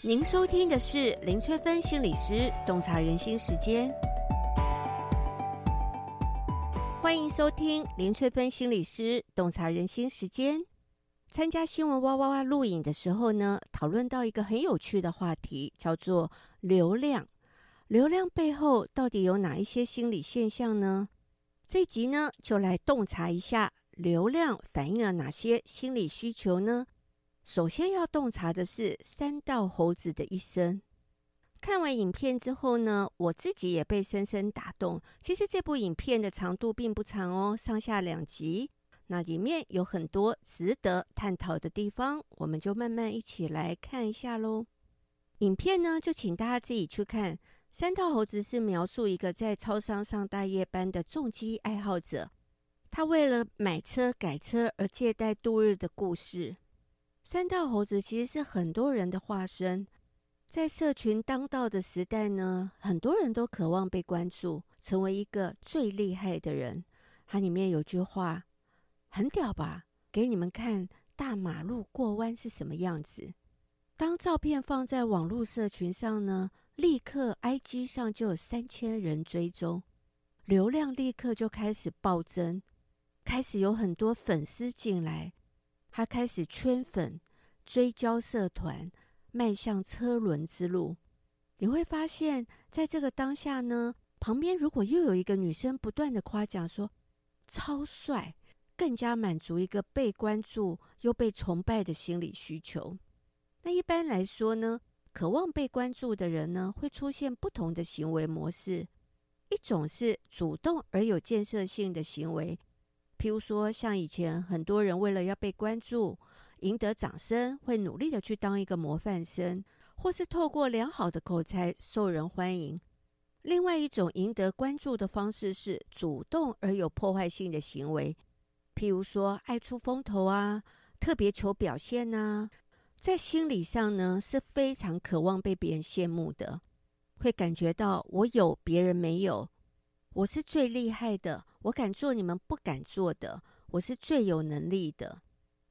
您收聽的是林萃芬心理師《洞察人心》時間，歡迎收聽林萃芬心理師《洞察人心》時間。參加新聞挖挖哇錄影的時候呢，討論到一個很有趣的話題，叫做流量。流量背後到底有哪一些心理現象呢？這集呢，就來洞察一下流量反映了哪些心理需求呢？首先要洞察的是山道猴子的一生。看完影片之後呢，我自己也被深深打動。其實這部影片的長度並不長哦，上下兩集。那裡面有很多值得探討的地方，我們就慢慢一起來看一下嘍。影片呢，就請大家自己去看。山道猴子是描述一個在超商上大夜班的重機愛好者，他為了買車、改車而借貸度日的故事。山道猴子其實是很多人的化身，在社群當道的時代呢，很多人都渴望被關注，成為一個最厲害的人。它裡面有句話很屌吧，給你們看大馬路過彎是什麼樣子。當照片放在網絡社群上呢，立刻 IG 上就有三千人追蹤，流量立刻就開始暴增，開始有很多粉絲進來。他開始圈粉、追焦社團，邁向車輪之路。你會發現，在這個當下呢，旁邊如果又有一個女生不斷的誇獎說“超帥”，更加滿足一個被關注又被崇拜的心理需求。那一般來說呢，渴望被關注的人呢，會出現不同的行為模式。一種是主動而有建設性的行為。譬如說，像以前很多人為了要被關注、贏得掌聲，會努力的去當一個模範生，或是透過良好的口才受人歡迎。另外一種贏得關注的方式是主動而有破壞性的行為，譬如說愛出風頭啊，特別求表現吶、啊。在心理上呢，是非常渴望被別人羨慕的，會感覺到我有別人沒有，我是最厲害的。我敢做你們不敢做的，我是最有能力的。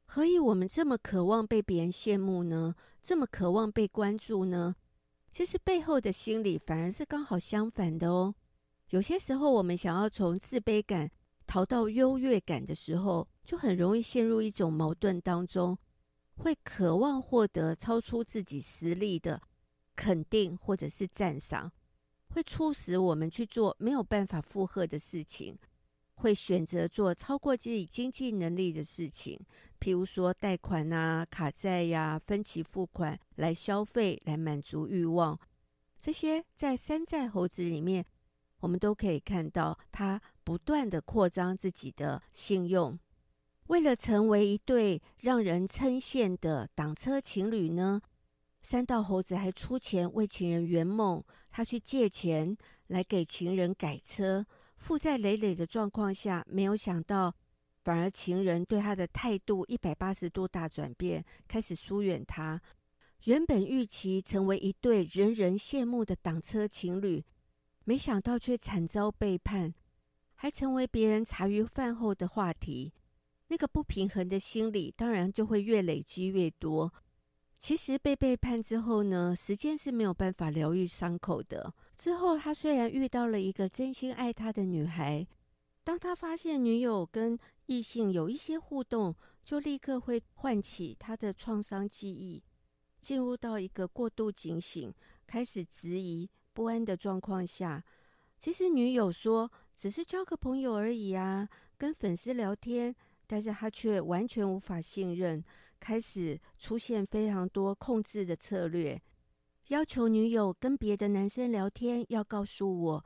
何以我們這麼渴望被別人羨慕呢？這麼渴望被關注呢？其實背後的心理反而是剛好相反的哦。有些時候，我們想要從自卑感逃到優越感的時候，就很容易陷入一種矛盾當中，會渴望獲得超出自己實力的肯定或者是讚賞，會促使我們去做沒有辦法負荷的事情。會選擇做超過自己經濟能力的事情，譬如說貸款啊、卡債呀、啊、分期付款來消費、來滿足慾望。這些在山道猴子裡面，我們都可以看到他不斷的擴張自己的信用，為了成為一對讓人稱羨的檔車情侶呢，山道猴子還出錢為情人圓夢，他去借錢來給情人改車，負債累累的狀況下，沒有想到，反而情人對他的態度一百八十度大轉變，開始疏遠他。原本預期成為一對人人羨慕的擋車情侶，沒想到卻慘遭背叛，還成為別人茶餘飯後的話題。那個不平衡的心理，當然就會越累積越多。其實被背叛之後呢，時間是沒有辦法療癒傷口的。之後，他雖然遇到了一個真心愛他的女孩，當他發現女友跟異性有一些互動，就立刻會喚起他的創傷記憶，進入到一個過度警醒、開始質疑不安的狀況下。其實女友說只是交個朋友而已啊，跟粉絲聊天，但是他卻完全無法信任，開始出現非常多控制的策略。要求女友跟別的男生聊天，要告訴我，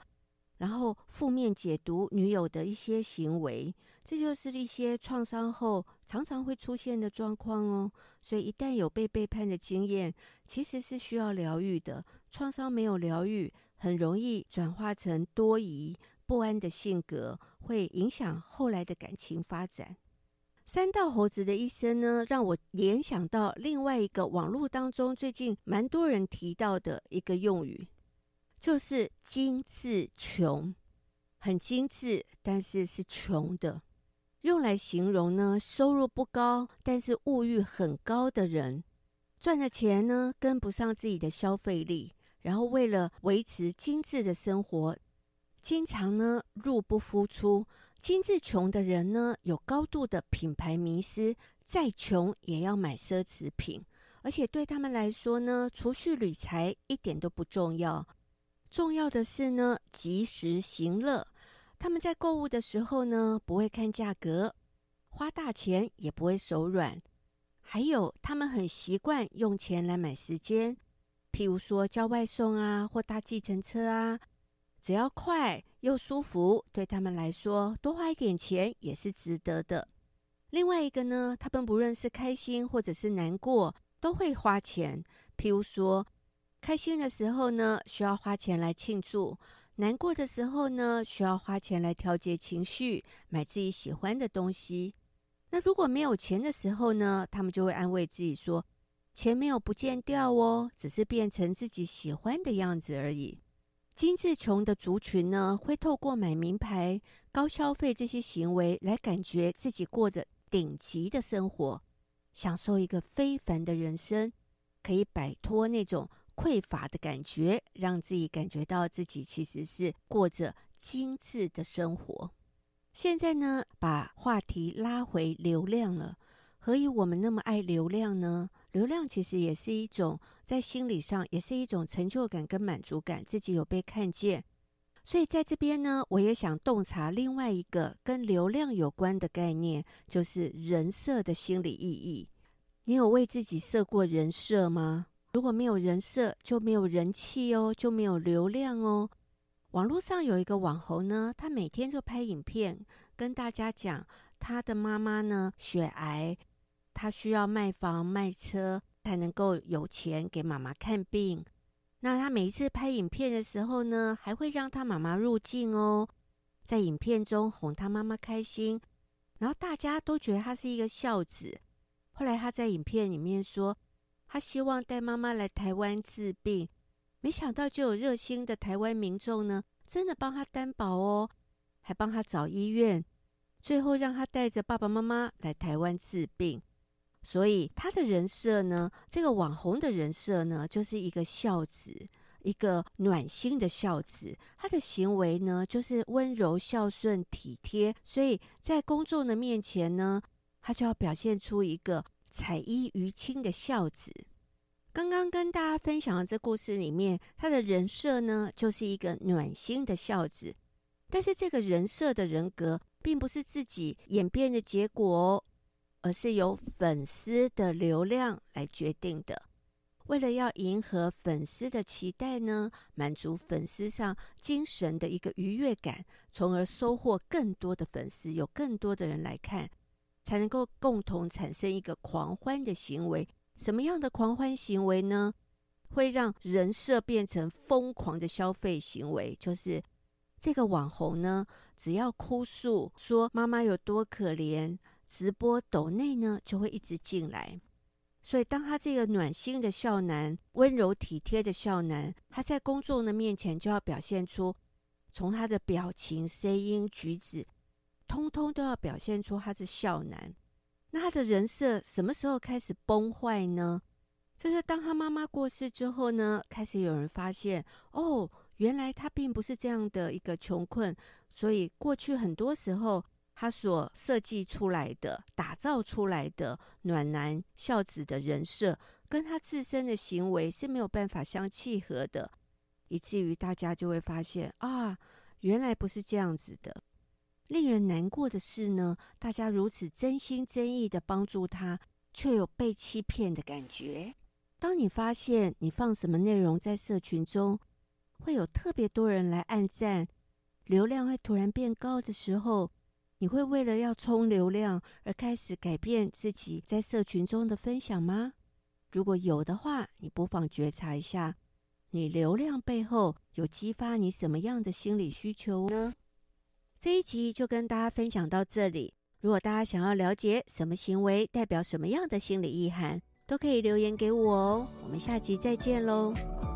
然後負面解讀女友的一些行為，這就是一些創傷後常常會出現的狀況哦。所以，一旦有被背叛的經驗，其實是需要療癒的。創傷沒有療癒，很容易轉化成多疑、不安的性格，會影響後來的感情發展。山道猴子的一生呢，讓我聯想到另外一個網絡當中最近蠻多人提到的一個用語，就是“精緻窮”，很精緻，但是是窮的，用來形容呢收入不高，但是物欲很高的人，賺的錢呢跟不上自己的消費力，然後為了維持精緻的生活，經常呢入不敷出。精緻窮的人呢，有高度的品牌迷思，再窮也要買奢侈品。而且對他們來說呢，儲蓄理財一點都不重要，重要的是呢，及時行樂。他們在購物的時候呢，不會看價格，花大錢也不會手軟。還有，他們很習慣用錢來買時間，譬如說叫外送啊，或搭計程車啊。只要快又舒服，對他們來說，多花一點錢也是值得的。另外一個呢，他們不論是開心或者是難過，都會花錢。譬如說，開心的時候呢，需要花錢來慶祝；難過的時候呢，需要花錢來調節情緒，買自己喜歡的東西。那如果沒有錢的時候呢，他們就會安慰自己說：“錢沒有不見掉哦，只是變成自己喜歡的樣子而已。”精緻窮的族群呢，會透過買名牌、高消費這些行為，來感覺自己過着頂級的生活，享受一個非凡的人生，可以擺脫那種匱乏的感覺，讓自己感覺到自己其實是過着精緻的生活。現在呢，把話題拉回流量了，何以我們那麼愛流量呢？流量其實也是一種在心理上，也是一種成就感跟滿足感，自己有被看見。所以在這邊呢，我也想洞察另外一個跟流量有關的概念，就是人設的心理意義。你有為自己設過人設嗎？如果沒有人設，就沒有人氣哦，就沒有流量哦。網絡上有一個網紅呢，他每天就拍影片跟大家講他的媽媽呢，血癌。他需要賣房賣車才能夠有錢給媽媽看病。那他每一次拍影片的時候呢，還會讓他媽媽入鏡哦，在影片中哄他媽媽開心，然後大家都覺得他是一個孝子。後來他在影片裡面說，他希望帶媽媽來台灣治病，沒想到就有熱心的台灣民眾呢，真的幫他擔保哦，還幫他找醫院，最後讓他帶着爸爸媽媽來台灣治病。所以他的人設呢，這個網紅的人設呢，就是一個孝子，一個暖心的孝子。他的行為呢，就是溫柔、孝順、體貼。所以在公眾的面前呢，他就要表現出一個彩衣娛親的孝子。剛剛跟大家分享的這故事裡面，他的人設呢，就是一個暖心的孝子。但是這個人設的人格，並不是自己演變的結果哦。而是由粉絲的流量來決定的。為了要迎合粉絲的期待呢，滿足粉絲上精神的一個愉悅感，從而收穫更多的粉絲，有更多的人來看，才能夠共同產生一個狂歡的行為。什麼樣的狂歡行為呢？會讓人設變成瘋狂的消費行為，就是這個網紅呢，只要哭訴說媽媽有多可憐。直播抖內呢，就會一直進來。所以，當他這個暖心的孝男、溫柔體貼的孝男，他在公眾的面前就要表現出，從他的表情、聲音、舉止，通通都要表現出他是孝男。那他的人設什麼時候開始崩壞呢？就是當他媽媽過世之後呢，開始有人發現，哦，原來他並不是這樣的一個窮困。所以，過去很多時候。他所設計出來的，打造出來的暖男孝子的人設，跟他自身的行為是沒有辦法相契合的，以至於大家就會發現啊，原來不是這樣子的。令人難過的是呢，大家如此真心真意的幫助他，卻有被欺騙的感覺。當你發現你放什麼內容在社群中，會有特別多人來按讚，流量會突然變高的時候，你會為了要衝流量而開始改變自己在社群中的分享嗎？如果有的話，你不妨覺察一下，你流量背後有激發你什麼樣的心理需求呢、啊？嗯、這一集就跟大家分享到這裡。如果大家想要了解什麼行為代表什麼樣的心理意涵，都可以留言給我哦。我們下集再見嘍。